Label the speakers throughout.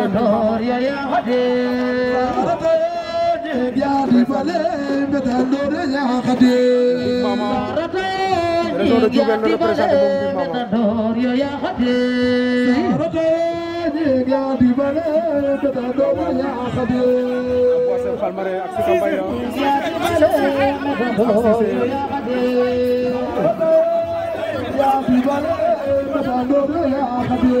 Speaker 1: ka door ya ya hade biari bale beta door ya hade biari bale beta door ya hade biari bale beta door ya hade palmarès ak sa mbay ya biari bale beta door ya hade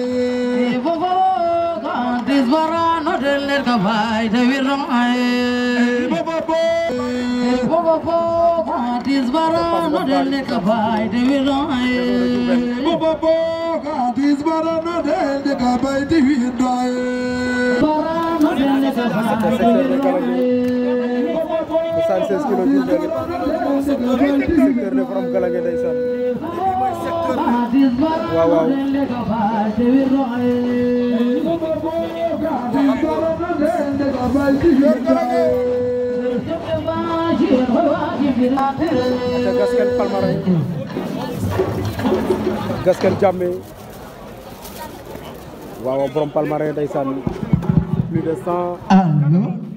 Speaker 1: del leen ko bàyyi te wir dong ay bobobo bobobo katis bara no del leen ko bàyyi te wir dong ay bobobo katis bara no del leen ko bàyyi te wir dong ay bara no del leen ko bàyyi te wir dong ay bobobo 16 kilo secteur de Forom Galangué ndeysaan waaw waaw te Gaskel Palmarin Gaskel Jammé waaw borom Palmarin ndeysaan plus de cent. allo.